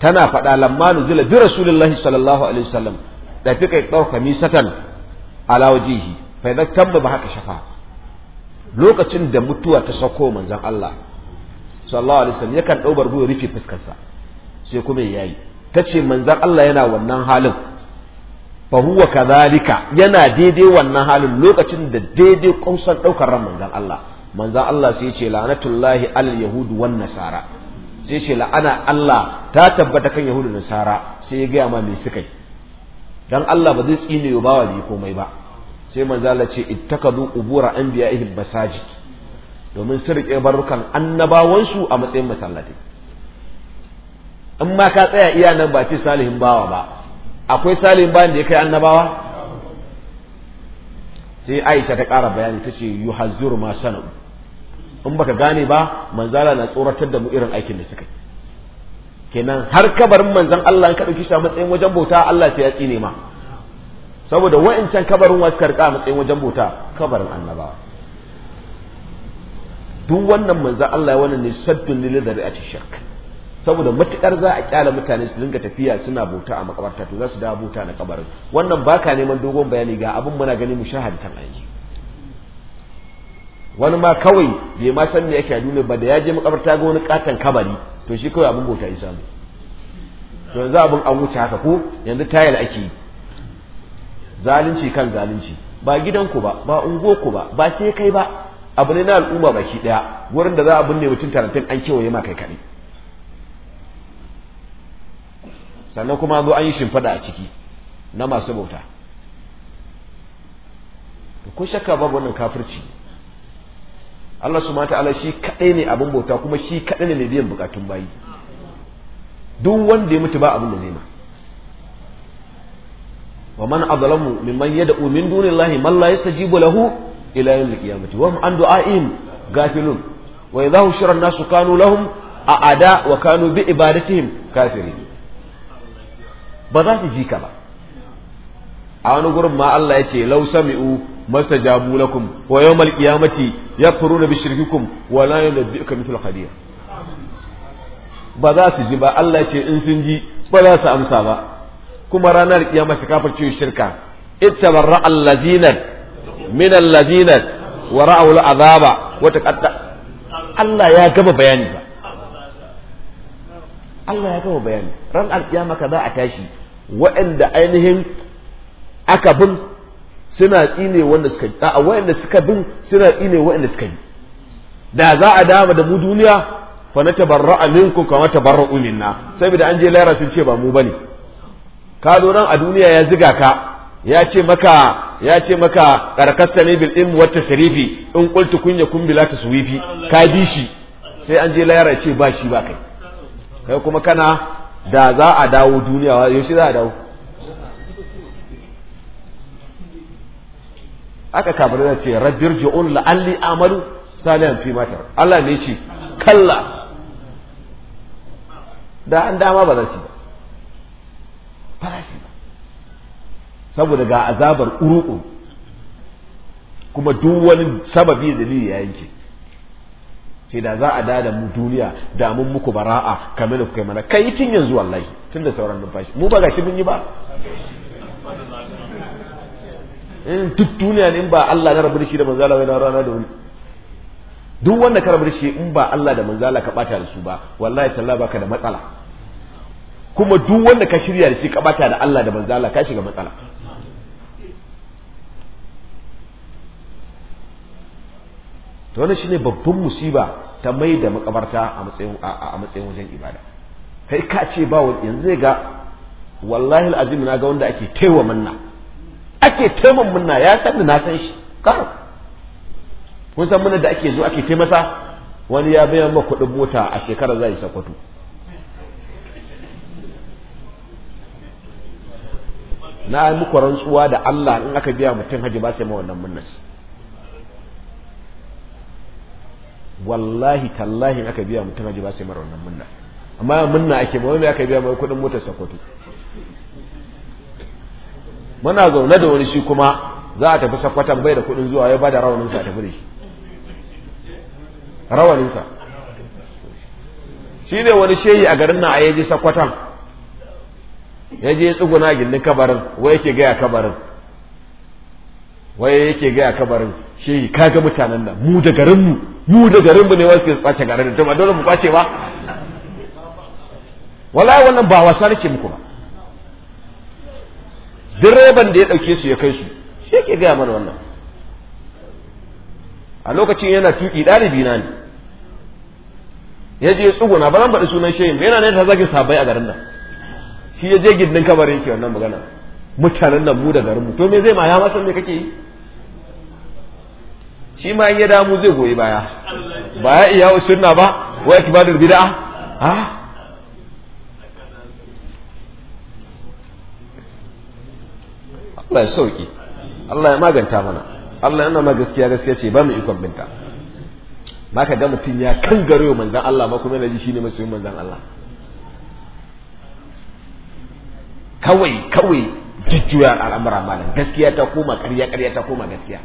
tana faɗa lamma nuzila bi rasulillahi sallallahu alaihi wa sallam da fika ɗauka misatan ala wajihi fa idan tamma ba haka shafa lokacin da mutuwa ta sako manzan Allah sallallahu alaihi wasallam yakan dau barbu rufe fuskarsa sai kuma yayi tace manzan Allah yana wannan halin fa huwa kadhalika yana daidai wannan halin lokacin da daidai kusan daukar ran manzan Allah Manzan Allah sai ya ce la'anatullahi alal yahud wan nasara sai ya ce la'ana Allah ta tabbata kan yahudu nasara sai ya ga ma me suka yi dan Allah ba zai tsine yo bawa ne komai ba sai manzala ce ittakadu qubura anbiya'ihi basajid domin su rike annabawansu a matsayin masallatai in ka tsaya iya nan ba ce salihin bawa ba akwai salihin bawa da ya kai annabawa sai Aisha ta kara bayani tace yuhazziru ma sana'u in baka gane ba manzala na tsoratar da mu irin aikin da suka kenan har kabarin manzon Allah in ka dauki shi a matsayin wajen bauta Allah sai ya tsine ma saboda wa'incan kabarin wasu karka a matsayin wajen bauta kabarin annaba duk wannan manzan Allah ya wannan ne saddun lili da a shirk saboda matukar za a kyala mutane su dinga tafiya suna bauta a makabarta to za su dawo bauta na kabarin wannan baka neman dogon bayani ga abin muna gani mu sha aiki wani ma kawai bai ma san me yake a duniya ba da ya je makabarta ga wani katon kabari to shi kawai abin bauta ya samu to yanzu abin an wuce haka ko yanzu tayar ake yi zalunci kan zalunci ba gidanku ba ba unguwarku ba ba sai kai ba abu ne na al'umma baki daya wurin da za a binne mutum tarantin an kewaye ma kai kaɗai sannan kuma zo an yi shimfiɗa a ciki na masu bauta ko shakka babu wannan kafirci Allah su mata ala shi kaɗai ne abin bauta kuma shi kaɗai ne biyan bukatun bayi duk wanda ya mutu ba abin da zai ma wa man azlamu mimman yad'u min dunillahi man la yastajibu lahu ila yawmil qiyamati wa hum an du'a'ihim ghafilun wa idha hushira an-nasu kanu lahum a'ada wa kanu bi ibadatihim kafirin ba za su ji ka ba a wani gurin ma Allah ya ce law sami'u mastajabu lakum wa yawmal qiyamati yakfuruna bi shirkikum wa la yunabbi'uka mithlu khabir ba za su ji ba Allah ya ce in sun ji ba za su amsa ba kuma ranar kiyama shi kafirce shirka Ita ittabarra allazina min allazina wa ra'ul azaba wa taqatta Allah ya gama bayani ba Allah ya gama bayani ran alkiyama kaza a tashi waɗanda ainihin aka bin suna tsine wanda suka yi a waɗanda suka bin suna tsine waɗanda suka yi da za a dama da mu duniya fa na tabarra'a minkum kama tabarra'u minna saboda an je lahira sun ce ba mu bane ka zo nan a duniya ya ziga ka ya ce maka ya ce maka karkasta ne bil ilmi wata sharifi in qultu kunya kun bila taswifi ka bi shi sai an je layar ce ba shi ba kai kai kuma kana da za a dawo duniya yaushe za a dawo aka kafin da ce rabbir ji'un la'alli amalu salihan fi matar Allah ne ce kalla da an dama ba za su ba saboda ga azabar uruku kuma duk wani sababi dalili ya yanke sai da za a dada mu duniya da mun muku bara'a kamar da kuka mana kai tun yanzu wallahi tun da sauran numfashi mu ba gashi mun yi ba in duk duniya ne in ba Allah na rabu da shi da manzala wai na rana da wuri duk wanda ka rabu da shi in ba Allah da manzala ka bata da su ba wallahi talla baka da matsala kuma duk wanda ka shirya da shi ka bata da Allah da manzala ka shiga matsala to wannan shine babban musiba ta mai da makabarta a matsayin a matsayin wajen ibada kai ka ce ba yanzu zai ga wallahi alazim na ga wanda ake taiwa manna ake taiman manna ya san da na san shi ka kun san mun da ake zo ake taimasa wani ya bayan ma kuɗin mota a shekarar zai sakwato na yi muku rantsuwa da Allah in aka biya mutum haji ba sai ma wannan munnas wallahi tallahi aka biya mutum haji ba sai mara wannan munna amma munna ake ba wani aka biya mai kudin motar sakwato muna zaune da wani shi kuma za a tafi sakwatan bai da kudin zuwa ya ba da rawaninsa a tafi da shi rawaninsa shi ne wani shehi a garin na a yaji sakwatan ya je tsuguna gindin kabarin wai yake gaya kabarin wai yake gaya kabarin shehi kaga mutanen nan mu da garinmu mu da garin mu ne wasu ke kwace garin da ba dole mu kwace ba wallahi wannan ba wasa nake muku ba direban da ya dauke su ya kai su shi yake gaya mana wannan a lokacin yana tuki ɗalibi na ne ya je tsuguna ba zan sunan shehin ba yana ne ta zagin sabai a garin nan shi ya je gindin kabarin ke wannan magana mutanen nan mu da garin mu to me zai ma ya masa me kake yi shi ma in ya damu zai goyi baya ba ya iya sunna ba wa da bid'a ha Allah ya sauki Allah ya maganta mana Allah yana ma gaskiya gaskiya ce ba mu ikon binta Ba ka ga mutum ya kan wa manzan Allah ma kuma yana ji masu masoyin manzan Allah kawai kawai jujjuya al'amura malam gaskiya ta koma ƙarya ƙarya ta koma gaskiya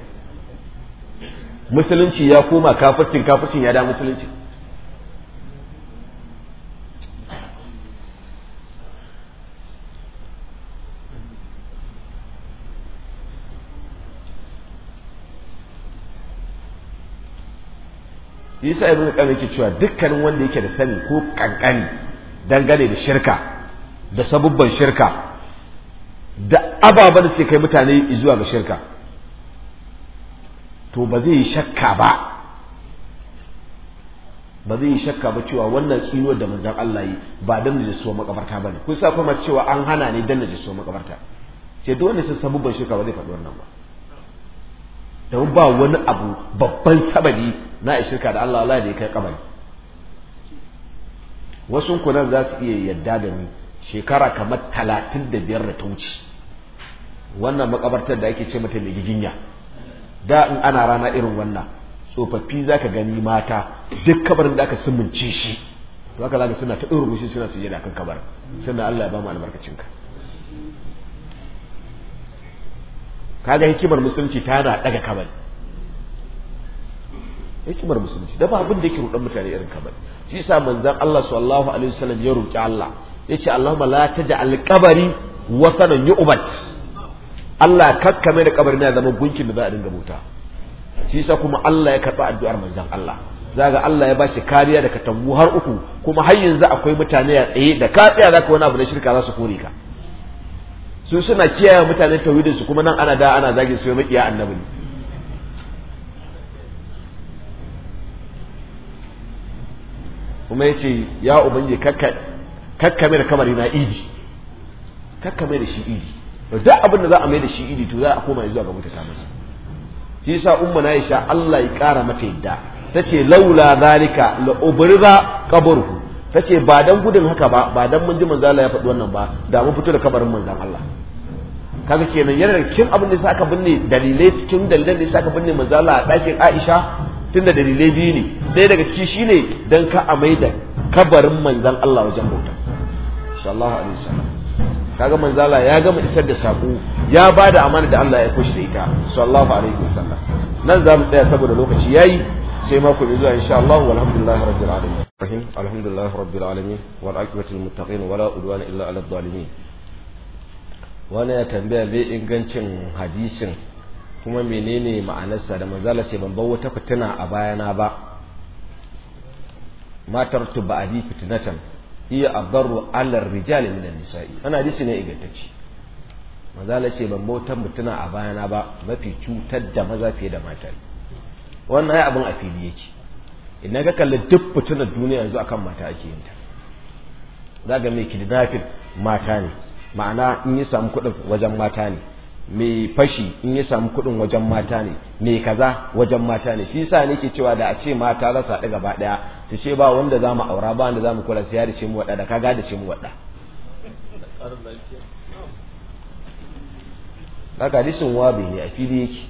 musulunci ya koma kafircin kafircin ya da musulunci Isa ibnu qayyim yake cewa dukkanin wanda yake da sani ko kankani dangane da shirka da sabubban shirka da ababen da suke kai mutane zuwa ga shirka to ba zai shakka ba ba zai shakka ba cewa wannan tsiro da manzan Allah yi ba dan najasuwa makabarta bane kun sa kuma cewa an hana ne dan najasuwa makabarta ce don wanda sun samu ban shirka ba zai faɗi wannan ba domin ba wani abu babban sabadi na shirka da Allah Allah da ya kai kabari wasu kunan za su iya yadda da ni shekara kamar talatin da biyar da ta wuce wannan makabartar da ake ce mata mai giginya da in ana rana irin wannan tsofaffi za ka gani mata duk kabarin da aka sumunce shi to aka zaga suna ta ɗorin mushi suna sujada kan kabar sannan Allah ya ba mu albarkacinka kaga hikimar musulunci ta yana daga kabari hikimar musulunci da ba abin da yake rudan mutane irin kabari shi sa manzan Allah sallallahu alaihi wasallam ya roki Allah ce Allahumma la taj'al qabri wasanan yu'bat Allah kakka mai da kabarin ya zama gunkin da za a dinga bauta shi sa kuma Allah ya karba addu'ar manzon Allah zaga Allah ya bashi kariya da katangu har uku kuma har yanzu akwai mutane a tsaye da ka tsaya zaka wani abu da shirka za su kore ka su suna kiyaye mutane tauhidin su kuma nan ana da ana zagin su iya annabi ne kuma yace ya ubangi kakka kakka mai da kamari na idi kakka mai da shi idi duk abin da za a mai da shi idi to za a koma zuwa ga mutata masa shi yasa umma na isha Allah ya kara mata yadda tace laula zalika la ubriza qabruhu tace ba dan gudun haka ba ba dan mun ji manzo Allah ya faɗi wannan ba da mun fito da kabarin manzon Allah kaga kenan yana da cikin abin da yasa aka binne dalilai cikin dalilan da yasa binne manzo Allah a ɗakin Aisha tunda dalilai biyu ne ɗaya daga ciki shine dan ka a mai da kabarin manzon Allah wajen bauta sallallahu alaihi wasallam kaga manzala ya gama isar da sako ya ba da amana da Allah ya kushe ita sallallahu alaihi wasallam nan za mu tsaya saboda lokaci yayi sai mako bi zuwa insha Allah walhamdulillah rabbil alamin rahim alhamdulillah rabbil alamin wal aqibatu lil muttaqin wala udwana illa ala zalimin wani ya tambaya bai ingancin hadisin kuma menene ma'anarsa da manzala ce ban bar wata fitina a bayana ba matar tubadi fitnatan hiya adarru alar rijali minan nisa'i ana hadisi ne Maza mazala ce ban bautan mutuna a bayana ba mafi cutar da maza fiye da mata wannan ai abin a fili yake idan ka kalli duk fitunar duniya yanzu akan mata ake yin ta za ga mai kidnapping mata ne ma'ana in yi samu kuɗin wajen mata ne mai fashi in ya samu kuɗin wajen mata ne mai kaza wajen mata ne shi yasa nake cewa da a ce mata za su haɗu gaba ɗaya su ce ba wanda za mu aura ba wanda za mu kula sai ya dace mu waɗa da kaga da ce mu waɗa haka hadisin wabi ne a fili yake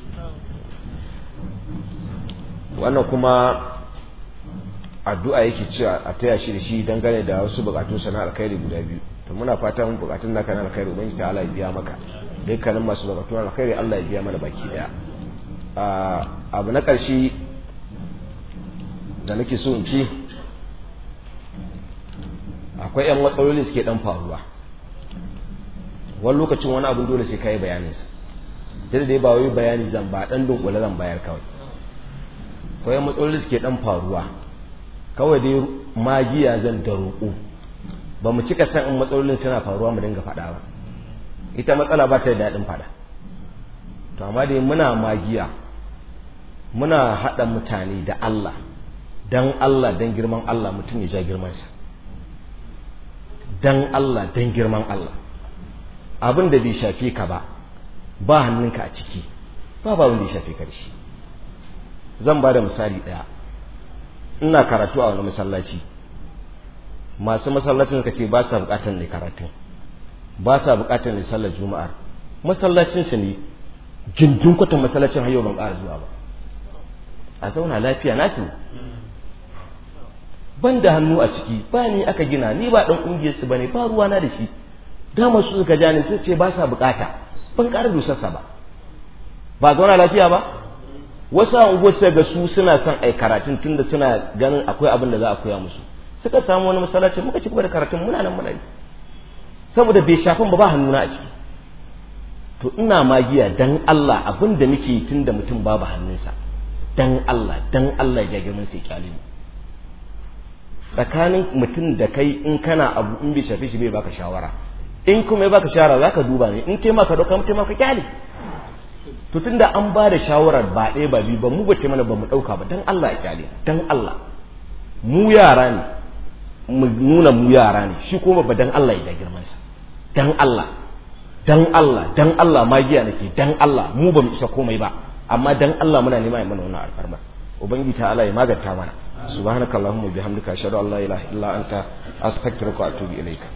wannan kuma addu'a yake cewa a taya shi da shi dangane da wasu bukatun sana'ar alkhairi guda biyu to muna fatan bukatun naka na alkhairi ubangiji ta Allah ya biya maka dukkanin masu bukatun alkhairi Allah ya biya mana baki daya abu na ƙarshe da nake so in ci akwai yan matsaloli suke dan faruwa wani lokacin wani abu dole sai kai bayanin sa dai dai ba wai bayani zan ba dan dunkule zan bayar kawai akwai matsaloli suke dan faruwa kawai dai magiya zan da roƙo ba mu cika san in matsalolin suna faruwa mu dinga faɗa ba ita matsala ba ta da daɗin faɗa to amma dai muna magiya muna haɗa mutane da Allah dan Allah dan girman Allah mutum ya ja girman sa. dan Allah dan girman Allah abin da bai shafe ka ba ba hannunka a ciki ba ba wanda ya shafe ka shi zan ba da misali ɗaya ina karatu a wani masallaci masu masallacin ka ce ba sa bukatar ne karatun ba sa bukatar ne sallar juma'ar masallacin su ne jindin kwatan masallacin hayo ban ƙara zuwa ba a zauna lafiya na su ban da hannu a ciki ba ni aka gina ni ba dan kungiyar su bane ba ruwa na da shi dama su suka ja ni sun ce ba sa bukata ban ƙara dusarsa ba ba zauna lafiya ba wasu unguwar ga su suna son ai karatun tunda suna ganin akwai abin da za a koya musu suka samu wani masallaci muka ci gaba da karatun muna nan muna saboda bai shafan ba ba hannuna a ciki to ina magiya dan Allah abin da muke yi tun da mutum babu hannunsa dan Allah dan Allah ya mun sai kyalimi tsakanin mutum da kai in kana abu in bai shafi shi bai baka shawara in kuma ya baka shawara zaka duba ne in kai ma ka dauka mutum ka kyale to tunda an ba da shawarar ba ɗaya ba biyu ba mu bace mana ba mu dauka ba dan Allah ya kyale dan Allah mu yara ne mu nuna mu yara ne shi kuma ba dan Allah ya girman girmansa dan Allah dan Allah dan Allah ma giya nake dan Allah mu ba mu isa komai ba amma dan Allah muna nema ya mana wannan alfarma ubangiji ta Allah ya maganta mana subhanakallahumma bihamdika ashhadu an la ilaha illa anta astaghfiruka wa atubu ilaika